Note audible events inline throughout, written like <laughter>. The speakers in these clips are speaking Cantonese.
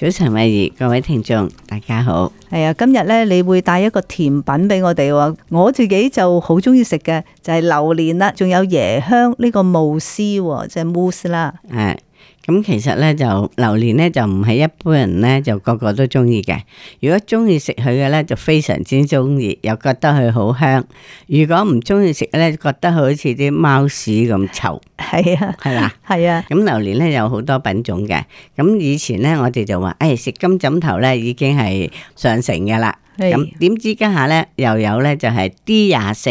早晨，慧怡，各位聽眾，大家好。今日呢你會帶一個甜品俾我哋喎。我自己就好中意食嘅就係、是、榴蓮啦，仲有椰香呢個慕斯，即、就、係、是、慕斯啦。誒。咁其實咧就榴蓮咧就唔係一般人咧就個個都中意嘅。如果中意食佢嘅咧就非常之中意，又覺得佢好香。如果唔中意食咧，覺得佢好似啲貓屎咁臭。係啊 <laughs> 吧，係嘛，係啊。咁榴蓮咧有好多品種嘅。咁以前咧我哋就話，誒、哎、食金枕頭咧已經係上乘嘅啦。咁點知家下咧又有咧就係 D 廿四，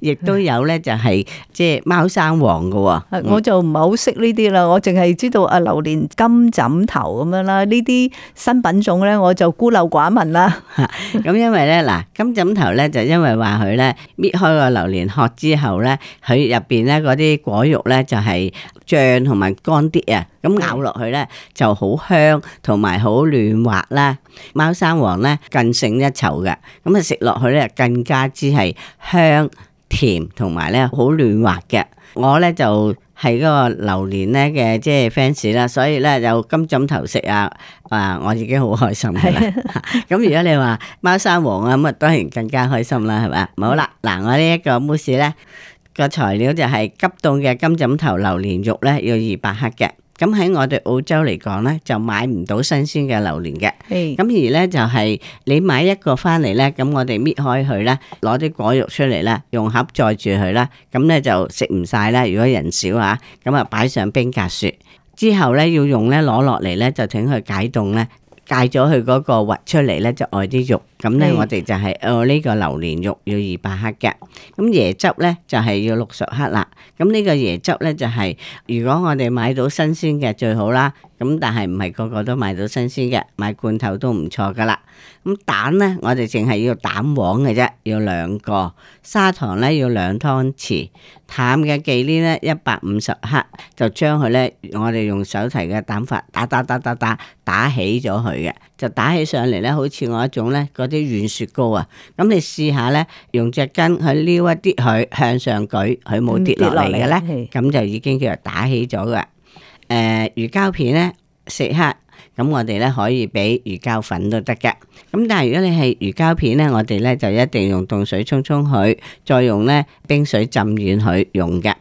亦都有咧就係即係貓山王嘅喎。我就唔係好識呢啲啦，我淨係知道阿榴蓮金枕頭咁樣啦。呢啲新品種咧，我就孤陋寡聞啦。咁因為咧嗱，金枕頭咧就因為話佢咧搣開個榴蓮殼之後咧，佢入邊咧嗰啲果肉咧就係醬同埋乾啲啊，咁咬落去咧就好香同埋好嫩滑啦。貓山王咧更勝一籌。嘅，咁啊食落去咧更加之係香甜，同埋咧好嫩滑嘅。我咧就係、是、嗰個榴蓮咧嘅即係 fans 啦，所以咧有金枕頭食啊，啊我自己好開心嘅。咁 <laughs> 如果你話貓山王啊，咁啊當然更加開心啦，係咪？好啦，嗱我呢一個 mousse 咧個材料就係急凍嘅金枕頭榴蓮肉咧，要二百克嘅。咁喺我哋澳洲嚟講呢，就買唔到新鮮嘅榴蓮嘅。咁而呢就係你買一個返嚟呢，咁我哋搣開佢呢，攞啲果肉出嚟呢，用盒載住佢啦。咁呢就食唔晒啦。如果人少啊，咁啊擺上冰格雪之後呢，要用呢攞落嚟呢，就請佢解凍呢，介咗佢嗰個核出嚟呢，就愛啲肉。咁咧，嗯、我哋就係誒呢個榴蓮肉要二百克嘅，咁椰汁咧就係、是、要六十克啦。咁呢個椰汁咧就係、是、如果我哋買到新鮮嘅最好啦。咁但係唔係個個都買到新鮮嘅，買罐頭都唔錯㗎啦。咁蛋咧，我哋淨係要蛋黃嘅啫，要兩個砂糖咧要兩湯匙淡嘅忌廉咧一百五十克，就將佢咧我哋用手提嘅蛋法打打打打打打，打起咗佢嘅，就打起上嚟咧，好似我一種咧啲軟雪糕啊，咁你試下咧，用隻羹去撩一啲佢，向上舉，佢冇跌落嚟嘅咧，咁就已經叫做打起咗㗎。誒、呃，魚膠片咧食黑，咁我哋咧可以俾魚膠粉都得嘅。咁但係如果你係魚膠片咧，我哋咧就一定用凍水沖沖佢，再用咧冰水浸軟佢用嘅。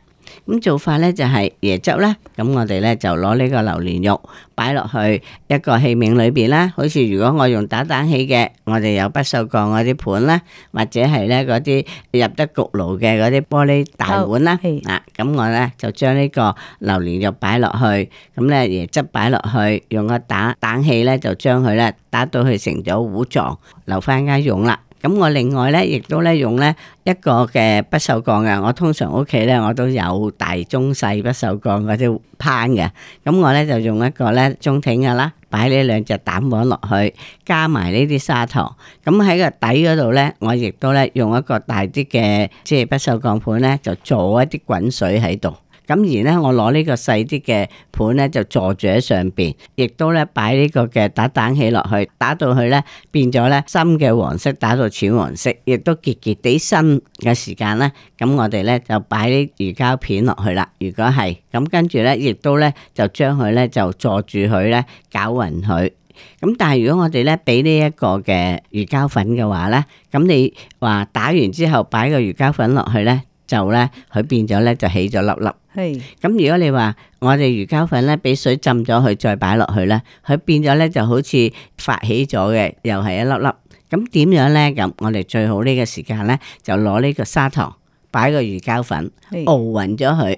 咁做法呢就係椰汁啦，咁我哋呢就攞呢個榴蓮肉擺落去一個器皿裏邊啦。好似如果我用打蛋器嘅，我哋有不銹鋼嗰啲盤啦，或者係呢嗰啲入得焗爐嘅嗰啲玻璃大碗啦。Oh, yes. 啊，咁我呢就將呢個榴蓮肉擺落去，咁呢椰汁擺落去，用個打蛋器呢就將佢呢打到佢成咗糊狀，留翻間用啦。咁我另外咧，亦都咧用咧一個嘅不鏽鋼嘅。我通常屋企咧，我都有大、中、細不鏽鋼嗰啲盤嘅。咁我咧就用一個咧中挺嘅啦，擺呢兩隻蛋黃落去，加埋呢啲砂糖。咁喺個底嗰度咧，我亦都咧用一個大啲嘅，即係不鏽鋼盤咧，就做一啲滾水喺度。咁而咧，我攞呢個細啲嘅盤咧，就坐住喺上邊，亦都咧擺呢個嘅打蛋器落去，打到佢咧變咗咧深嘅黃色，打到淺黃色，亦都結結地。新嘅時間咧，咁我哋咧就擺啲魚膠片落去啦。如果係咁，跟住咧，亦都咧就將佢咧就坐住佢咧攪勻佢。咁但係如果我哋咧俾呢一個嘅魚膠粉嘅話咧，咁你話打完之後擺個魚膠粉落去咧？就咧，佢變咗咧，就起咗粒粒。係咁， <noise> 如果你話我哋魚膠粉咧，俾水浸咗佢，再擺落去咧，佢變咗咧，就好似發起咗嘅，又係一粒粒。咁點樣咧？咁我哋最好呢個時間咧，就攞呢個砂糖，擺個魚膠粉 <noise> 熬勻咗佢，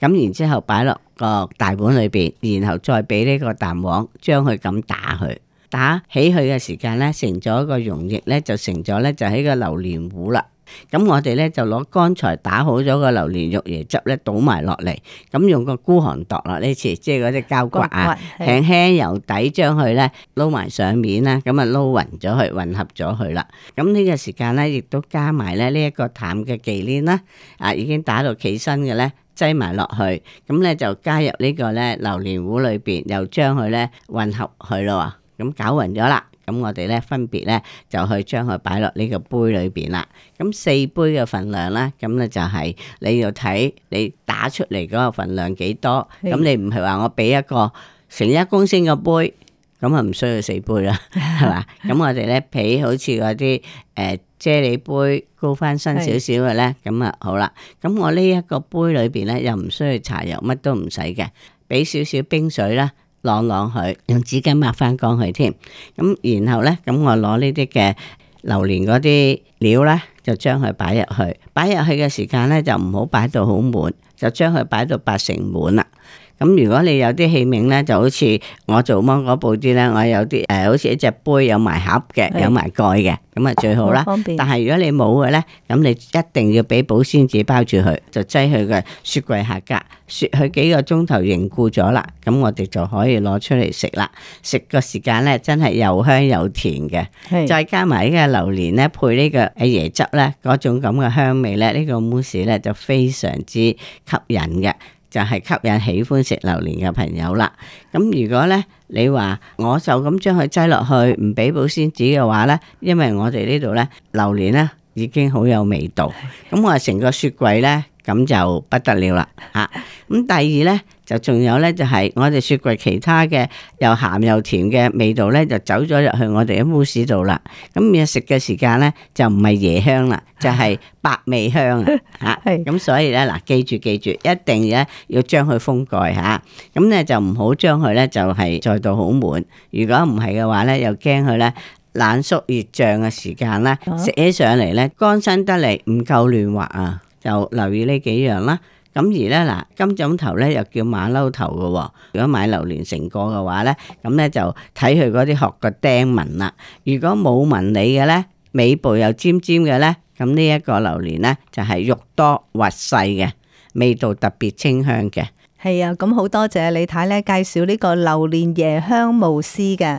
咁然之後擺落個大碗裏邊，然後再俾呢個蛋黃將佢咁打佢，打起佢嘅時間咧，成咗一個溶液咧，就成咗咧，就係個榴蓮糊啦。咁、嗯、我哋咧就攞剛才打好咗個榴蓮肉椰汁咧倒埋落嚟，咁用個孤寒度落呢次，即係嗰隻膠刮啊，刮刮輕輕由底將佢咧撈埋上面啦，咁啊撈勻咗去，混合咗佢啦。咁、這、呢個時間咧，亦都加埋咧呢一個淡嘅忌廉啦，啊已經打到起身嘅咧，擠埋落去，咁咧就加入呢個咧榴蓮糊裏邊，又將佢咧混合去咯啊，咁攪勻咗啦。咁我哋咧，分別咧就去將佢擺落呢個杯裏邊啦。咁四杯嘅份量咧，咁咧就係你要睇你打出嚟嗰個份量幾多。咁你唔係話我俾一個成一公升嘅杯，咁啊唔需要四杯啦，係嘛？咁我哋咧俾好似嗰啲誒啫喱杯高翻身少少嘅咧，咁啊是好啦。咁我呢一個杯裏邊咧又唔需要搽油，乜都唔使嘅，俾少少冰水啦。晾晾佢，用紙巾抹翻乾佢添。咁然後呢，咁我攞呢啲嘅榴蓮嗰啲料呢，就將佢擺入去。擺入去嘅時間呢，就唔好擺到好滿，就將佢擺到八成滿啦。咁如果你有啲器皿咧，就好似我做芒果布丁咧，我有啲誒、呃，好似一隻杯有埋盒嘅，有埋蓋嘅，咁啊最好啦。哦、方便。但係如果你冇嘅咧，咁你一定要俾保鮮紙包住佢，就擠佢個雪櫃下格，雪佢幾個鐘頭凝固咗啦，咁我哋就可以攞出嚟食啦。食個時間咧，真係又香又甜嘅，是再加埋呢個榴槤咧，配呢個椰汁咧，嗰種咁嘅香味咧，呢、這個 mousse 咧就非常之吸引嘅。就係吸引喜歡食榴蓮嘅朋友啦。咁如果呢，你話我就咁將佢擠落去，唔俾保鮮紙嘅話呢？因為我哋呢度呢，榴蓮呢已經好有味道。咁我成個雪櫃呢。咁就不得了啦嚇！咁、啊、第二呢，就仲有呢，就係、是、我哋雪櫃其他嘅又鹹又甜嘅味道呢，就走咗入去我哋嘅慕斯度啦。咁、嗯、嘢食嘅時間呢，就唔係椰香啦，就係、是、白味香啊嚇！咁所以呢，嗱，記住記住，一定呢要將佢封蓋嚇。咁、啊、呢，就唔好將佢呢，就係載到好滿。如果唔係嘅話呢，又驚佢呢冷縮熱脹嘅時間呢，食起上嚟呢，乾身得嚟唔夠嫩滑啊！就留意呢幾樣啦。咁而咧嗱，金枕頭咧又叫馬騮頭嘅喎、哦。如果買榴蓮成個嘅話咧，咁咧就睇佢嗰啲殼嘅釘紋啦。如果冇紋理嘅咧，尾部又尖尖嘅咧，咁呢一個榴蓮咧就係、是、肉多滑細嘅，味道特別清香嘅。係啊，咁好多謝李太咧介紹呢個榴蓮椰香慕斯嘅。